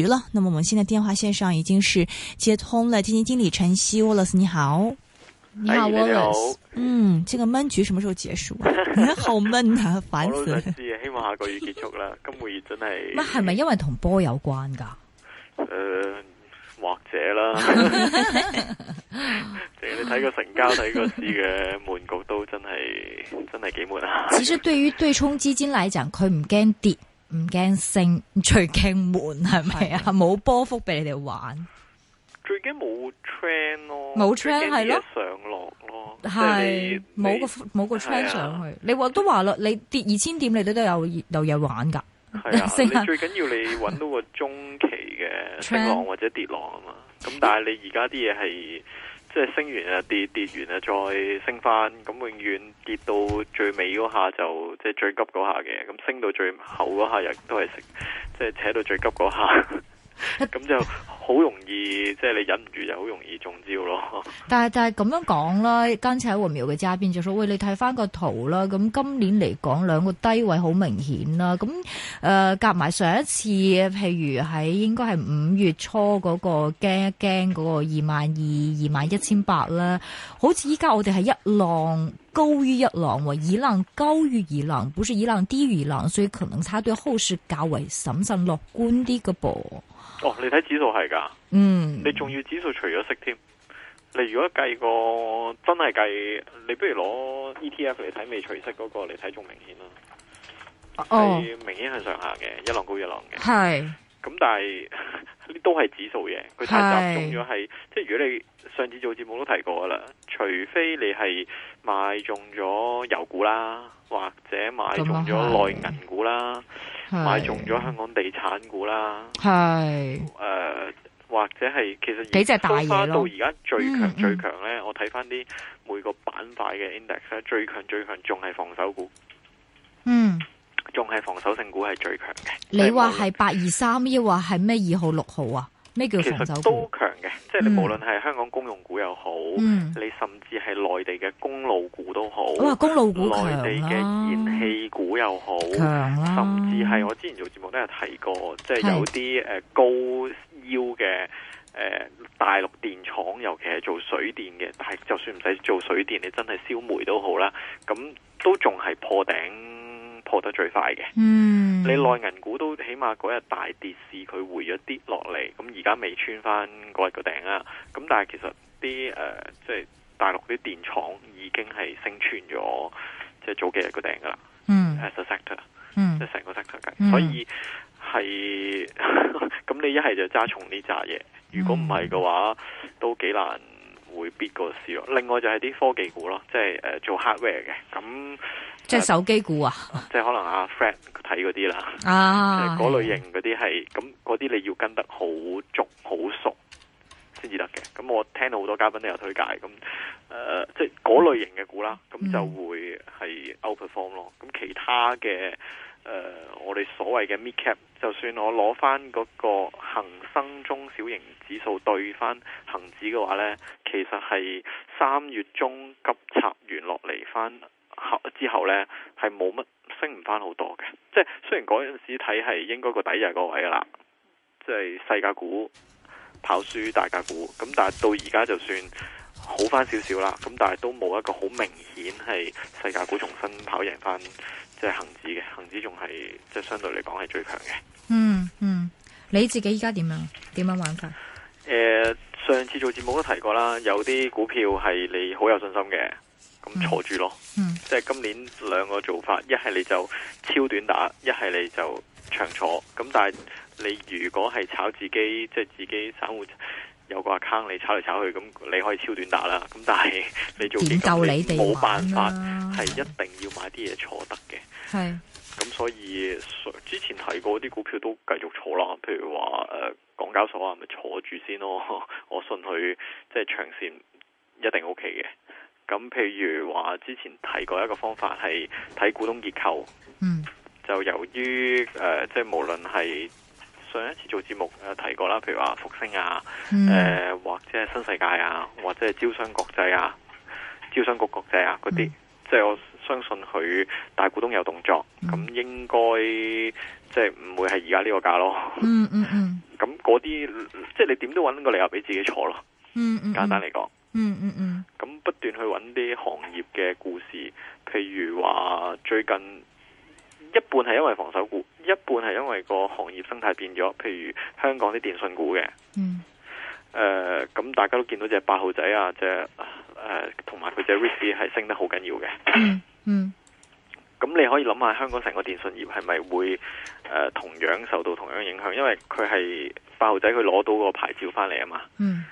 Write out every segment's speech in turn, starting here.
局了，那麼我們現在電話線上已經是接通了基金，金經理陳昕老師，你好，你好老師，嗯，這個悶局什麼時候結束啊？ 好悶啊，煩死了！希望下個月結束啦， 今個月真係。乜係咪因為同波有關噶？呃，或者啦， 你睇個成交睇個市嘅悶局都真係 真係幾悶啊！其實對於對沖基金嚟講，佢唔驚跌。唔驚升，最驚悶係咪啊？冇波幅俾你哋玩，最驚冇 trend 咯，冇 trend 係咯，上落咯，即係冇個冇個 trend 上去。你話都話咯，你跌二千點你都都有有嘢玩噶，係啊！ 最緊要你揾到個中期嘅升浪或者跌浪啊嘛。咁但係你而家啲嘢係。即、就、係、是、升完啊，跌跌完啊，再升翻，咁永遠跌到最尾嗰下就即係、就是、最急嗰下嘅，咁升到最後嗰下又都係升，即係扯到最急嗰下，咁 就。好容易，即係你忍唔住就好容易中招咯，但，但係但係咁樣講啦，剛才喺禾苗嘅揸邊就話喂，你睇翻個圖啦。咁今年嚟講，兩個低位好明顯啦。咁誒、夾、呃、埋上，上一次，譬如喺應該係五月初嗰、那個驚一驚嗰個二萬二二萬一千八啦。好似依家我哋係一浪高於一浪，二浪高於二浪，本說二浪以低於二浪，所以可能佢對後市較為審慎樂觀啲嘅噃。哦，你睇指數係噶，嗯，你仲要指數除咗息添，你如果計過真係計，你不如攞 ETF 嚟睇，未除息嗰個看，嚟睇仲明顯啦，係明顯係上下嘅，一浪高一浪嘅，係，咁但係呢都係指數嘢，佢太集中咗係，即係如果你上次做節目都提過噶啦，除非你係買中咗油股啦。或者買中咗內銀股啦，買中咗香港地產股啦，係誒、呃，或者係其實幾隻大到而家最強最強呢，嗯、我睇翻啲每個板塊嘅 index，最強最強仲係防守股，嗯，仲係防守性股係最強嘅。你話係八二三，抑或係咩二號六號啊？呢叫其實都強嘅，即係你無論係香港公用股又好，嗯，你甚至係內地嘅公路股都好。哇！公路股強啊！內地嘅燃氣股又好，強啦，甚至係我之前做節目都有提過，嗯、即係有啲誒高腰嘅誒、呃、大陸電廠，尤其係做水電嘅，但係就算唔使做水電，你真係燒煤好都好啦，咁都仲係破頂。破得最快嘅、嗯，你內銀股都起碼嗰日大跌市，佢回咗啲落嚟，咁而家未穿翻嗰日個頂啊！咁但係其實啲誒，即、呃、係、就是、大陸啲電廠已經係升穿咗，即係早幾日個頂㗎喇，嗯，係 sector，嗯，即係成個 sector 界，嗯、所以係咁 你一係就揸重呢扎嘢，如果唔係嘅話，嗯、都幾難。會必個事咯，另外就係啲科技股咯，即係誒做 hardware 嘅，咁即係手機股啊，即係可能阿、啊、Fred 睇嗰啲啦，啊，嗰 類型嗰啲係，咁嗰啲你要跟得好足好熟先至得嘅，咁我聽到好多嘉賓都有推介，咁誒、呃、即係嗰類型嘅股啦，咁就會係 outperform 咯，咁、嗯、其他嘅。誒、呃，我哋所謂嘅 mid cap，就算我攞翻嗰個恒生中小型指數對翻恒指嘅話呢，其實係三月中急插完落嚟翻後之後呢，係冇乜升唔翻好多嘅。即係雖然嗰陣時睇係應該個底就係個位啦，即係細價股跑輸大價股，咁但係到而家就算好翻少少啦，咁但係都冇一個好明顯係細價股重新跑贏翻。即係恒指嘅，恒指仲係即係相對嚟講係最強嘅。嗯嗯，你自己依家點樣？點樣玩法？誒、呃，上次做節目都提過啦，有啲股票係你好有信心嘅，咁坐住咯。嗯，即、嗯、係、就是、今年兩個做法，一係你就超短打，一係你就長坐。咁但係你如果係炒自己，即、就、係、是、自己散戶。有個 account 你炒嚟炒去咁，你可以超短打啦。咁但係你做基金，冇辦法，係一定要買啲嘢，坐得嘅。係。咁所以之前提過啲股票都繼續坐啦。譬如話誒、呃、港交所啊，咪坐住先咯。我信佢即係長線一定 O K 嘅。咁譬如話之前提過一個方法係睇股東結構。嗯。就由於誒即係無論係。上一次做節目提過啦，譬如話復星啊，誒、mm. 呃、或者係新世界啊，或者係招商國際啊、招商局國際啊嗰啲，mm. 即係我相信佢大股東有動作，咁、mm. 應該即係唔會係而家呢個價咯。嗯嗯，咁嗰啲即係你點都揾個理由俾自己坐咯。嗯嗯，簡單嚟講。嗯嗯嗯，咁不斷去揾啲行業嘅故事，譬如話最近。一半係因為防守股，一半係因為個行業生態變咗，譬如香港啲電信股嘅。嗯。誒、呃，咁大家都見到隻八號仔啊，隻誒同埋佢隻 r i c i 係升得好緊要嘅。嗯咁、嗯、你可以諗下香港成個電信業係咪會誒、呃、同樣受到同樣影響？因為佢係八號仔，佢攞到個牌照翻嚟啊嘛。嗯。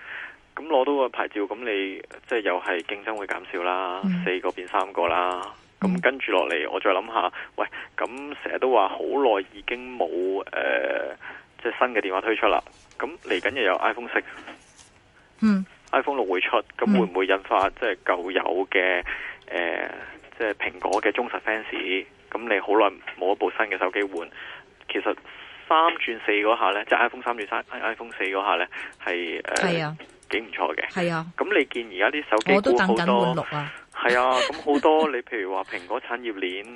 咁攞到個牌照，咁你即係又係競爭會減少啦，四、嗯、個變三個啦。咁跟住落嚟，我再諗下。喂，咁成日都話好耐已經冇誒、呃，即係新嘅電話推出啦。咁嚟緊又有 iPhone 6 i 嗯，iPhone 六會出，咁會唔會引發即係舊有嘅誒、呃，即係蘋果嘅忠實 fans？咁你好耐冇一部新嘅手機換，其實三轉四嗰下呢，即、就、係、是、iPhone 三轉三，iPhone 四嗰下呢，係誒，係、呃、啊，幾唔錯嘅。係啊，咁你見而家啲手機都等緊係 啊，咁好多你譬如話蘋果產業鏈誒，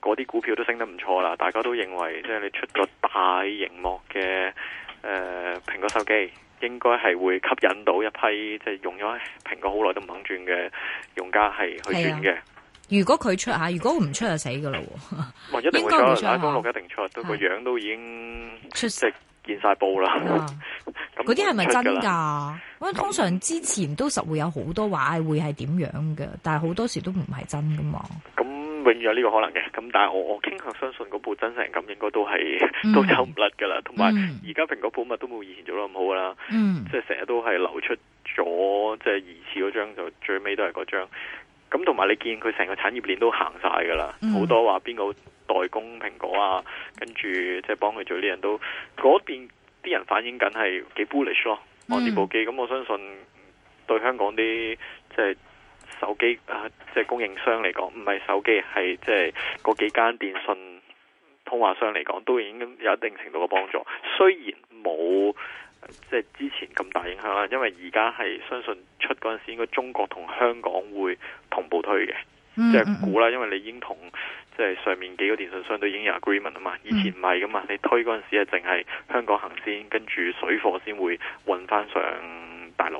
嗰、呃、啲股票都升得唔錯啦。大家都認為即係、就是、你出咗大屏幕嘅誒蘋果手機，應該係會吸引到一批即係、就是、用咗蘋果好耐都唔肯轉嘅用家係去轉嘅、啊。如果佢出吓，如果唔出就死噶啦、啊。我、 嗯、一定會出，打廣告一定出，到個樣都已經出食。見晒報啦，咁嗰啲係咪真噶？通常之前都實會有好多話，唉，會係點樣嘅？但係好多時都唔係真噶嘛。咁永遠有呢個可能嘅。咁但係我我傾向相信嗰部真實咁應該都係、嗯、都走唔甩噶啦。同埋而家蘋果保密都冇以前做得咁好噶啦、嗯。即係成日都係流出咗，即係疑似嗰張就最尾都係嗰張。咁同埋你見佢成個產業鏈都行晒噶啦，好、嗯、多話邊個代工蘋果啊，跟住即係幫佢做啲人都。嗰邊啲人反映緊係幾 bullish 咯，我呢部機。咁我相信對香港啲即係手機啊，即係供應商嚟講，唔係手機係即係嗰幾間電信通話商嚟講，都已經有一定程度嘅幫助。雖然冇即係之前咁大影響啦，因為而家係相信出嗰陣時應該中國同香港會同步推嘅，即係估啦，因為你已經同。即係上面幾個電信商都已經有 agreement 啊嘛，以前唔係㗎嘛，你推嗰陣時係淨係香港行先，跟住水貨先會運返上大陸。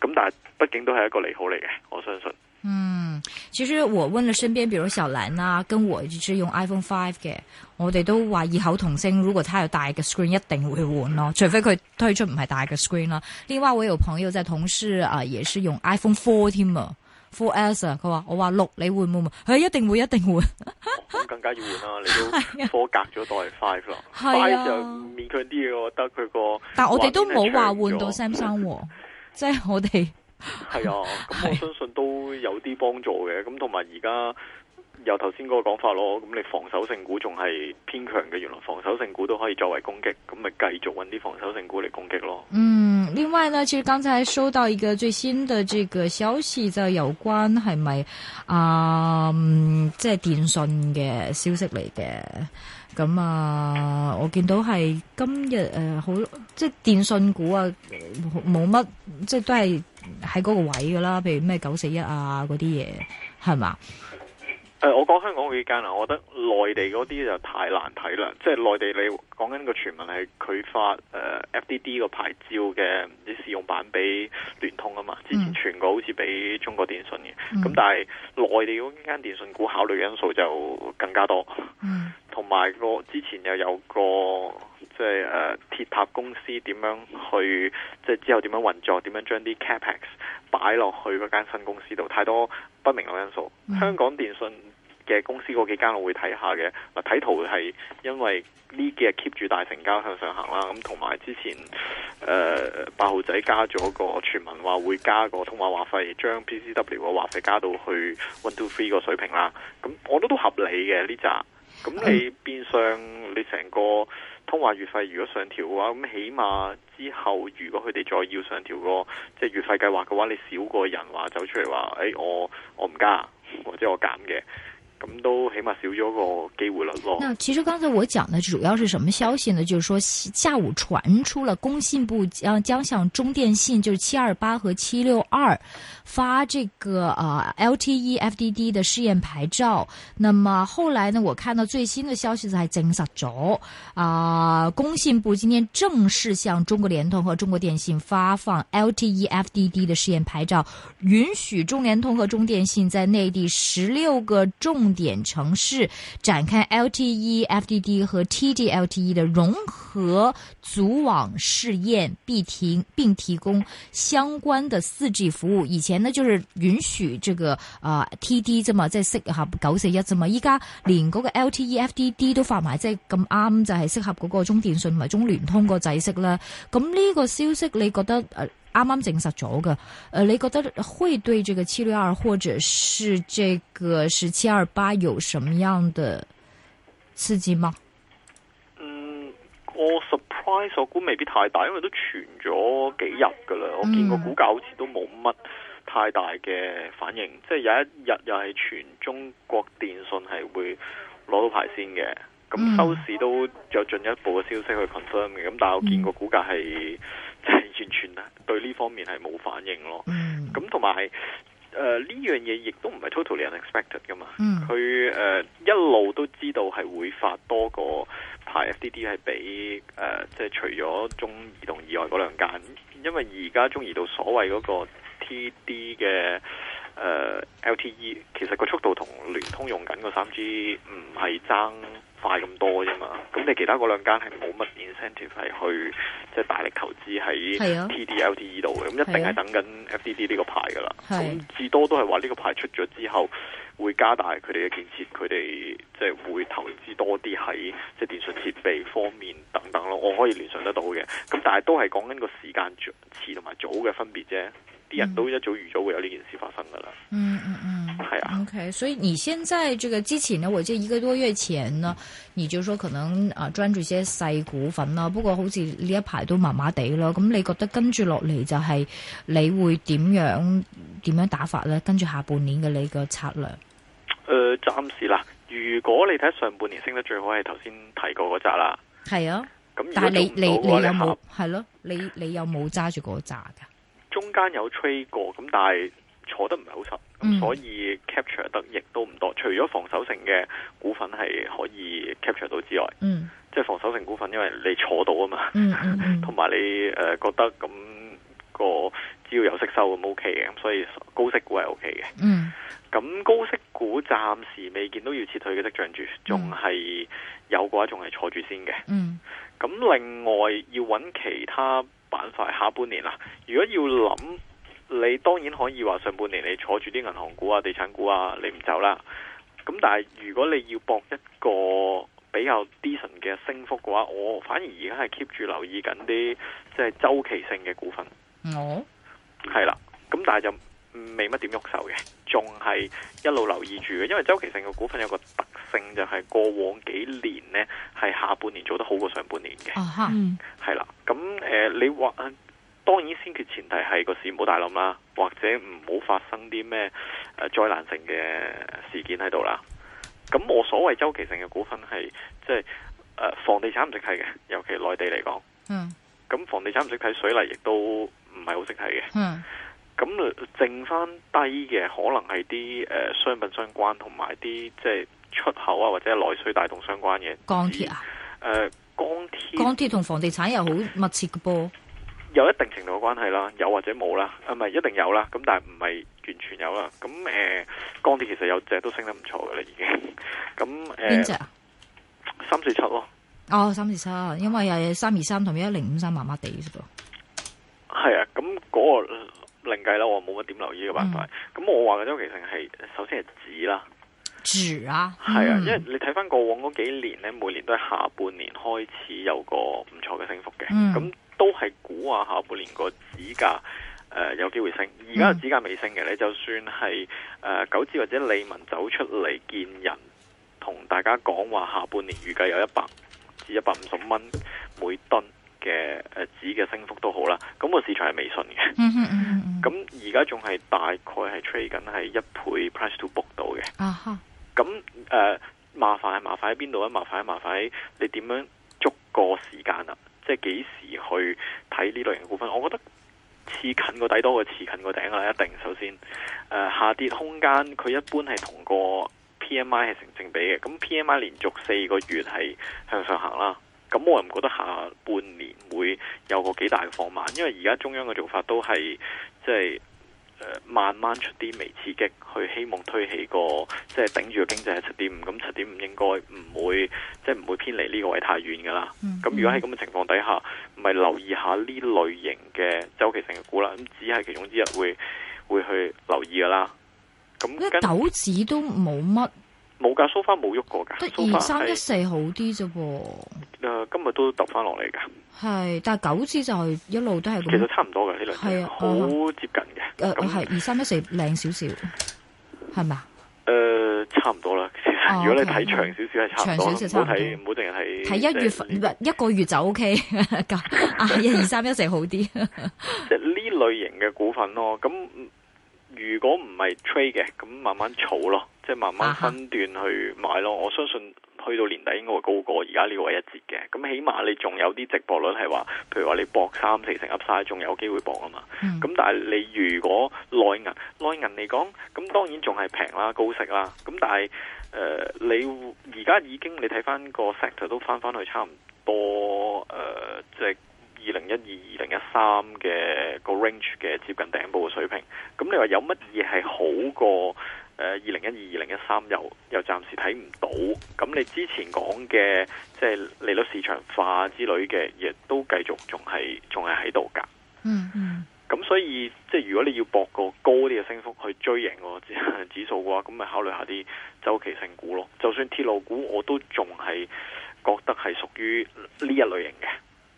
咁但係畢竟都係一個利好嚟嘅，我相信。嗯，其實我問了身邊，比如小蘭啊，跟我就是用 iPhone Five 嘅，我哋都話異口同聲，如果佢有大嘅 screen，一定會換咯，除非佢推出唔係大嘅 screen 啦。另外我有朋友即係同事啊，也是用 iPhone Four 添啊。For Elsa，佢話我話六你會冇佢一定會，一定會。咁 、哦、更加要換啦，你都 four 隔咗代 five 啦。係就、啊啊，勉強啲嘢我覺得佢個。但係我哋都冇話換到 Samson， 即係我哋。係 啊，咁我相信都有啲幫助嘅。咁同埋而家。由頭先嗰個講法咯，咁你防守性股仲係偏強嘅，原來防守性股都可以作為攻擊，咁咪繼續搵啲防守性股嚟攻擊咯。嗯，另外呢，其實剛才收到一個最新嘅這個消息，就有關係咪啊，即係電信嘅消息嚟嘅。咁、嗯、啊，我見到係今日誒，好、呃、即係電信股啊，冇乜即係都係喺嗰個位噶啦，譬如咩九四一啊嗰啲嘢，係嘛？誒，我講香港嗰幾間，我覺得內地嗰啲就太難睇啦。即、就、係、是、內地你講緊個傳聞係佢發、呃、FDD 個牌照嘅啲試用版俾聯通啊嘛，之前傳過好似俾中國電信嘅。咁、嗯、但係內地嗰間電信股考慮嘅因素就更加多。同埋個之前又有個即係、就是呃、鐵塔公司點樣去即係、就是、之後點樣運作，點樣將啲 capex 擺落去嗰間新公司度，太多不明嘅因素、嗯。香港電信。嘅公司嗰幾間我會睇下嘅，嗱睇圖係因為呢幾日 keep 住大成交向上行啦，咁同埋之前誒八號仔加咗個傳聞話會加個通話話費，將 PCW 嘅話費加到去 one two three 個水平啦，咁我覺得都合理嘅呢扎，咁你變相你成個通話月費如果上調嘅話，咁起碼之後如果佢哋再要上調個即係月費計劃嘅話，你少過人話走出嚟話，誒、欸、我我唔加或者我減嘅。咁都起碼少咗個機會啦。那其實剛才我講的主要是什麼消息呢？就是說下午傳出了工信部將將向中電信，就是七二八和七六二發這個啊、呃、LTE FDD 的試驗牌照。那麼後來呢，我看到最新的消息就證實咗啊！工信部今天正式向中國聯通和中國電信發放 LTE FDD 的試驗牌照，允許中聯通和中電信在內地十六個重重點城市展開 LTE FDD 和 TD-LTE 的融合組網試驗，必停並提供相關的四 G 服務。以前呢，就是允許這個啊、呃、TD，即係適合九四一啫嘛？依家連嗰個 LTE FDD 都發埋，即係咁啱就係適合嗰個中電信同埋中聯通個制式啦。咁呢個消息你覺得誒？啱啱證實咗嘅，呃，你覺得會對這個七六二，或者是這個一七二八，有什麼樣的刺激嗎？嗯，我 surprise 我估未必太大，因為都傳咗幾日噶啦，我見過股價好似都冇乜太大嘅反應。嗯、即係有一日又係全中國電信係會攞到牌先嘅，咁、嗯、收市都有進一步嘅消息去 confirm 嘅，咁但係我見過股價係。就係、完全啊，對呢方面係冇反應咯。咁同埋，誒、呃、呢樣嘢亦都唔係 totally unexpected 噶嘛。佢、mm. 誒、呃、一路都知道係會發多個牌 FDD 係畀誒，即、呃、係、就係、除咗中移動以外嗰兩間，因為而家中移動所謂嗰個 TD 嘅誒、呃、LTE，其實個速度同聯通用緊個 3G 唔係爭快咁多啫嘛，咁你其他嗰兩間係冇乜 incentive 係去即、係、大力投資喺 TD-LTE 呢度嘅，咁、啊、一定係等緊 FDD 呢個牌㗎啦。咁至、啊、多都係話呢個牌出咗之後，會加大佢哋嘅建設，佢哋即係會投資多啲喺即係電訊設備方面等等咯。我可以聯想得到嘅，咁但係都係講緊個時間遲同埋早嘅分別啫。人都一早預咗會有呢件事發生噶啦。嗯嗯嗯，係、嗯、啊。O、okay, K，所以你現在這個之前呢，我即係一個多月前呢，你就說可能啊，專注些細股份啦。不過好似呢一排都麻麻地咯。咁你覺得跟住落嚟就係你會點樣點樣打法呢？跟住下半年嘅你個策略？誒、呃，暫時啦。如果你睇上半年升得最好係頭先睇過嗰扎啦。係啊。咁，但係你你你有冇係咯？你你有冇揸住嗰扎噶？中間有吹過，咁但係坐得唔係好實，所以 capture 得亦都唔多。除咗防守性嘅股份係可以 capture 到之外，即、嗯、係、就是、防守性股份，因為你坐到啊嘛，同、嗯、埋、嗯嗯、你誒、呃、覺得咁個只要有息收咁 OK 嘅，咁所以高息股係 OK 嘅。咁、嗯、高息股暫時未見到要撤退嘅跡象，住仲係有嘅話，仲係坐住先嘅。咁、嗯、另外要揾其他。下半年啦！如果要諗，你當然可以話上半年你坐住啲銀行股啊、地產股啊，你唔走啦。咁但係如果你要博一個比較 decent 嘅升幅嘅話，我反而而家係 keep 住留意緊啲即係周期性嘅股份。哦、嗯，係啦，咁但係就未乜點喐手嘅。仲係一路留意住嘅，因為周期性嘅股份有一個特性，就係過往幾年呢係下半年做得好過上半年嘅、啊。嗯，係啦，咁誒、呃，你話當然先決前提係個市唔好大冧啦，或者唔好發生啲咩誒災難性嘅事件喺度啦。咁我所謂周期性嘅股份係即係房地產唔識睇嘅，尤其內地嚟講。咁、嗯、房地產唔識睇水泥，亦都唔係好識睇嘅。嗯。咁剩翻低嘅，可能係啲誒商品相關，同埋啲即係出口啊，或者內需帶動相關嘅鋼鐵啊。誒、呃，鋼鐵鋼鐵同房地產又好密切嘅噃、啊，有一定程度嘅關係啦，有或者冇啦，係咪一定有啦。咁但係唔係完全有啦。咁、啊、誒，鋼鐵其實有隻都升得唔錯嘅啦，已經咁誒，邊隻啊？三四七咯、啊，哦，三四七，因為係三二三同一零五三麻麻地啫噃。係啊，咁、那、嗰個。另計沒有、嗯、啦，我冇乜點留意個辦法。咁我話嘅周期性係首先係指啦，指啊，係啊、嗯，因為你睇翻過往嗰幾年呢，每年都係下半年開始有個唔錯嘅升幅嘅。咁、嗯、都係估啊，下半年個指價誒、呃、有機會升。而家個指價未升嘅咧、嗯，就算係誒、呃、九字或者利文走出嚟見人，同大家講話下半年預計有一百至一百五十蚊每噸。嘅誒指嘅升幅都好啦，咁個市場係微信嘅，咁而家仲係大概係 trade 緊係一倍 price to book 到嘅，咁誒麻煩係麻煩喺邊度咧？麻煩喺麻煩喺你點樣捉個時間啊？即係幾時去睇呢類型嘅股份？我覺得次近個底多過次近個頂啦，一定。首先，呃，下跌空間，佢一般係同個 P M I 係成正比嘅。咁 P M I 連續四個月係向上行啦。咁我又唔覺得下半年會有個幾大嘅放慢，因為而家中央嘅做法都係即係、呃，慢慢出啲微刺激，去希望推起個即係頂住個經濟喺七點五，咁七點五應該唔會即係唔會偏離呢個位太遠噶啦。咁、嗯、如果喺咁嘅情況底下，咪留意下呢類型嘅周期性嘅股啦。咁只係其中之一會會去留意噶啦。咁嘅斗子都冇乜。嗯冇架收返，冇喐過噶。二三一四好啲啫喎，誒、呃，今日都揼翻落嚟噶。係，但係九支就係一路都係。其實差唔多噶呢兩係，係啊，好接近嘅。誒、呃，係二三一四靚少少，係咪？誒、呃，差唔多啦。其實、啊、okay, 如果你睇長少少係差唔多，唔好定係睇。一月份唔係，一個月就 O K 噶。啊，二 三一四好啲。即係呢類型嘅股份咯，咁。如果唔係 trade 嘅，咁慢慢儲咯，即係慢慢分段去買咯。Uh -huh. 我相信去到年底應該會高過而家呢個位一折嘅。咁起碼你仲有啲值博率係話，譬如話你搏三四成 up 晒，仲有機會搏啊嘛。咁、mm. 但係你如果內銀內銀嚟講，咁當然仲係平啦，高息啦。咁但係誒、呃，你而家已經你睇翻個 sector 都翻翻去差唔多誒，即、呃、係。就是二零一二、二零一三嘅個 range 嘅接近頂部嘅水平，咁你話有乜嘢係好過誒二零一二、二零一三又又暫時睇唔到？咁你之前講嘅即係利率市場化之類嘅，亦都繼續仲係仲係喺度噶。嗯嗯。咁、mm-hmm. 所以即係、就是、如果你要博個高啲嘅升幅去追贏個指數嘅話，咁咪考慮下啲周期性股咯。就算鐵路股，我都仲係覺得係屬於呢一類型嘅。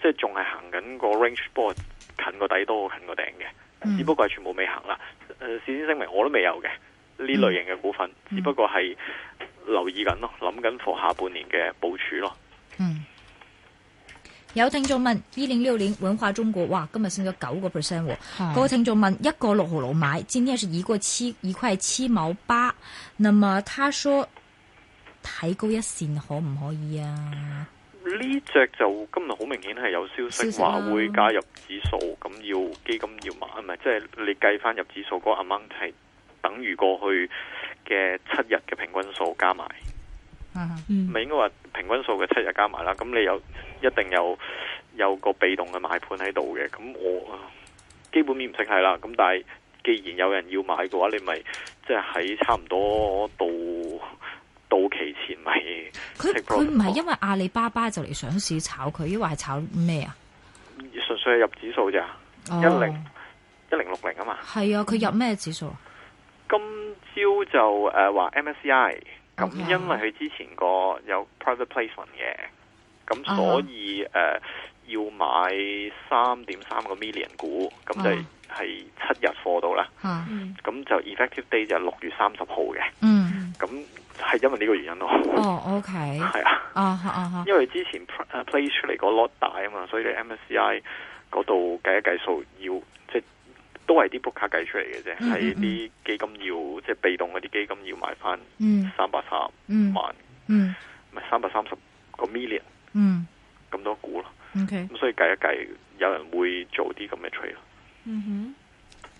即仲係行緊個 range，不過近個底都好近個頂嘅，只不過係全部未行啦、呃。事先聲明，我都未有嘅呢類型嘅股份，只不過係留意緊咯，諗緊放下半年嘅部署咯。嗯。有聽眾問：一零六零文化中國，哇，今日升咗九個 percent。嗰、那個聽眾問：一個六號樓買，今天是一個七一塊七毛八。那麼他說，睇高一線可唔可以啊？呢、這、隻、個、就今日好明顯係有消息話會加入指數，咁要基金要買，唔係即係你計翻入指數嗰個 amount 係等於過去嘅七日嘅平均數加埋，唔、嗯、係應該話平均數嘅七日加埋啦。咁你有一定有有個被動嘅買盤喺度嘅，咁我基本面唔識係啦。咁但係既然有人要買嘅話，你咪即係喺差唔多到。到期前咪佢佢唔係因為阿里巴巴就嚟上市炒佢，抑或係炒咩、oh. 10, 啊？純粹係入指數咋，一零一零六零啊嘛。係啊，佢入咩指數？今朝就誒話、呃、MSCI 咁、okay.，因為佢之前個有 private placement 嘅，咁所以誒、uh -huh. 呃、要買三點三個 million 股，咁就係七日貨到啦。咁、uh -huh. 就 effective day 就係六月三十號嘅。Uh -huh. 咁係因為呢個原因咯。哦、oh,，OK。係啊。啊，啊啊因為之前 play 出嚟個 lot 大啊嘛，所以你 MSCI 嗰度計一計數要即係都係啲 book 卡計出嚟嘅啫，係、mm、啲 -hmm. 基金要即係被動嗰啲基金要買翻三百三萬，唔係三百三十個 million，咁、mm -hmm. 多股咯。OK。咁所以計一計，有人會做啲咁嘅 trade 咯。嗯哼。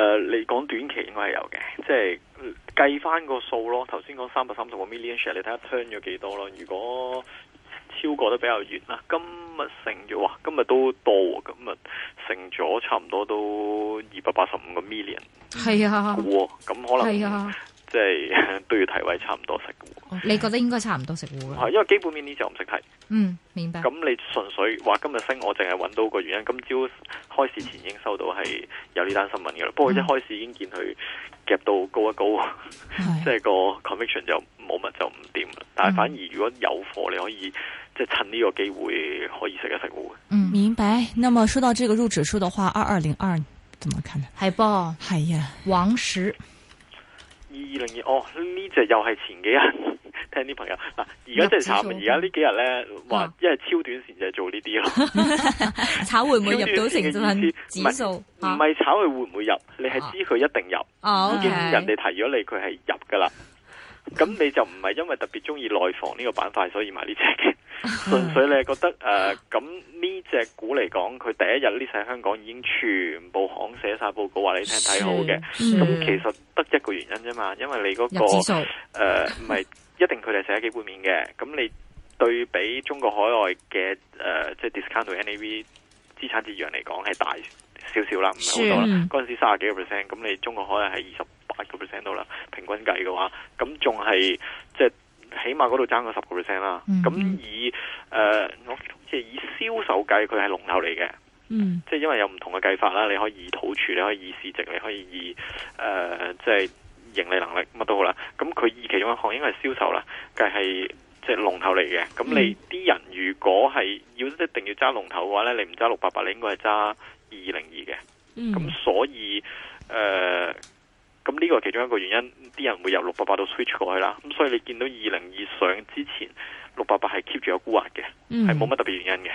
誒、uh,，你講短期應該係有嘅，即係計翻個數咯。頭先講三百三十個 million share, 你睇下 turn 咗幾多咯。如果超過得比較遠啦，今日成咗哇，今日都多，今日成咗差唔多都二百八十五個 million。係啊，咁可能。係啊。即係都要提位差唔多食糊，oh, 你覺得應該差唔多食糊？係因為基本面呢隻唔識睇。嗯，明白。咁你純粹話今日升，我淨係搵到個原因。今朝開始前已經收到係有呢單新聞嘅啦。不過一開始已經見佢夾到高一高，即、嗯、係、就是、個 conviction 就冇乜就唔掂、嗯。但係反而如果有貨，你可以即係、就是、趁呢個機會可以食一食糊。嗯，明白。那麼說到這個入指數的話，二二零二怎麼看呢？係噃、係呀、王石。二二零二哦，呢隻又係前幾日聽啲朋友嗱，而家真係慘，而家呢幾日咧話一係超短線就係做呢啲咯， 炒會唔會入到成就係指數？唔係、啊、炒佢會唔會入？你係知佢一定入，啊、已經人哋提咗你，佢係入噶啦。咁、啊 okay、你就唔係因為特別中意內房呢個板塊，所以買呢隻嘅。純 粹你係覺得誒，咁呢隻股嚟講，佢第一日 list 喺香港已經全部行寫晒報告話你聽睇好嘅，咁、嗯、其實得一個原因啫嘛，因為你嗰、那個誒唔係一定佢哋寫基本面嘅，咁你對比中國海外嘅誒即係 discount NAV 資產折讓嚟講係大少少啦，唔係好多啦，嗰陣時三十幾個 percent，咁你中國海外係二十八個 percent 到啦，平均計嘅話，咁仲係即係。就是起碼嗰度爭個十個 percent 啦，咁、嗯、以誒、呃、我即係以銷售計，佢係龍頭嚟嘅，即、嗯、係、就是、因為有唔同嘅計法啦。你可以以土儲，你可以以市值，你可以以誒即係盈利能力乜都好啦。咁佢以其中一項應該係銷售啦，計係即係龍頭嚟嘅。咁你啲、嗯、人如果係要一定要揸龍頭嘅話咧，你唔揸六八八，你應該係揸二二零二嘅。咁、嗯、所以誒。呃咁呢個係其中一個原因，啲人會由六八八到 switch 過去啦。咁所以你見到二零二上之前六八八係 keep 住有沽壓嘅，係冇乜特別原因嘅。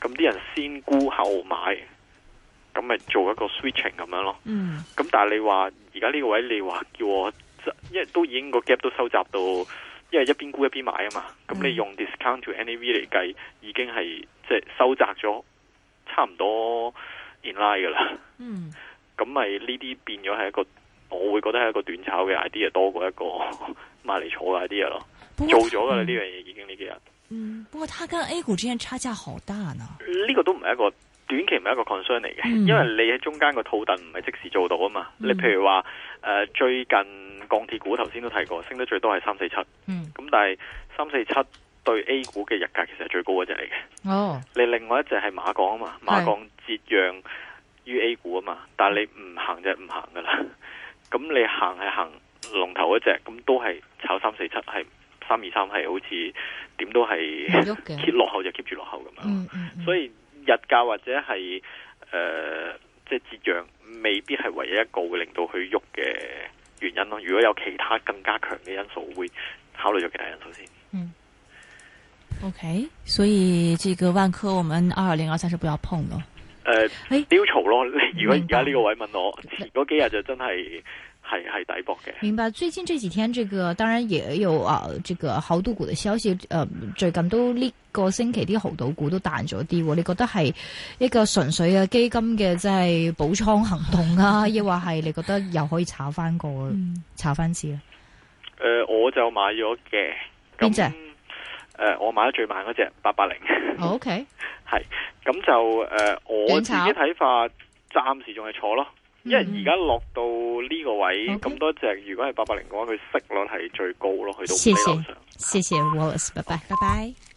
咁啲人先沽後買，咁咪做一個 switching 咁樣咯。咁、嗯、但係你話而家呢個位，你話叫我因為都已經個 gap 都收窄到，因為一邊沽一邊買啊嘛。咁你用 discount to NAV 嚟計，已經係即係收窄咗差唔多 in line 噶啦。咁咪呢啲變咗係一個。我會覺得係一個短炒嘅 idea 多過一個買嚟坐嘅 idea 咯，做咗噶啦呢樣嘢已經呢幾日。嗯，不過佢跟 A 股之間差價好大呢呢、呢個都唔係一個短期唔係一個 concern 嚟嘅，嗯，因為你喺中間個套戥唔係即時做到啊嘛，嗯。你譬如話誒、呃、最近鋼鐵股頭先都提過，升得最多係三四七，咁但係三四七對 A 股嘅日價其實係最高嗰隻嚟嘅。哦，你另外一隻係馬鋼啊嘛，馬鋼折讓於 A 股啊嘛，是但係你唔行就唔行噶啦。咁你行係行龍頭一隻，咁都係炒三四七，係三二三，係好似點都係 keep 落後，就 keep 住落後咁樣、嗯嗯嗯。所以日價或者係誒，即係折讓未必係唯一一個會令到佢喐嘅原因咯。如果有其他更加強嘅因素，會考慮咗其他因素先。嗯。OK，所以這個萬科，我們二二零二三是不要碰咯。誒、呃，屌、欸、吵咯！如果而家呢個位問我，前嗰幾日就真係係係抵搏嘅。明白。最近這幾天，這個當然也有啊，這個豪賭股嘅消息，誒、呃，最近都呢個星期啲豪賭股都彈咗啲。你覺得係一個純粹嘅基金嘅，即係補倉行動啊，抑或係你覺得又可以炒翻個、嗯、炒翻次啊？誒、呃，我就買咗嘅。邊隻？誒、uh,，我買得最慢嗰隻八百零。OK，係咁就誒，uh, 我自己睇法暫時仲係坐咯，mm -hmm. 因為而家落到呢個位咁、okay. 多隻，如果係八百零嘅話，佢息率係最高咯，去到最樓上。謝謝，謝謝 Wallace，拜拜，拜拜。拜拜。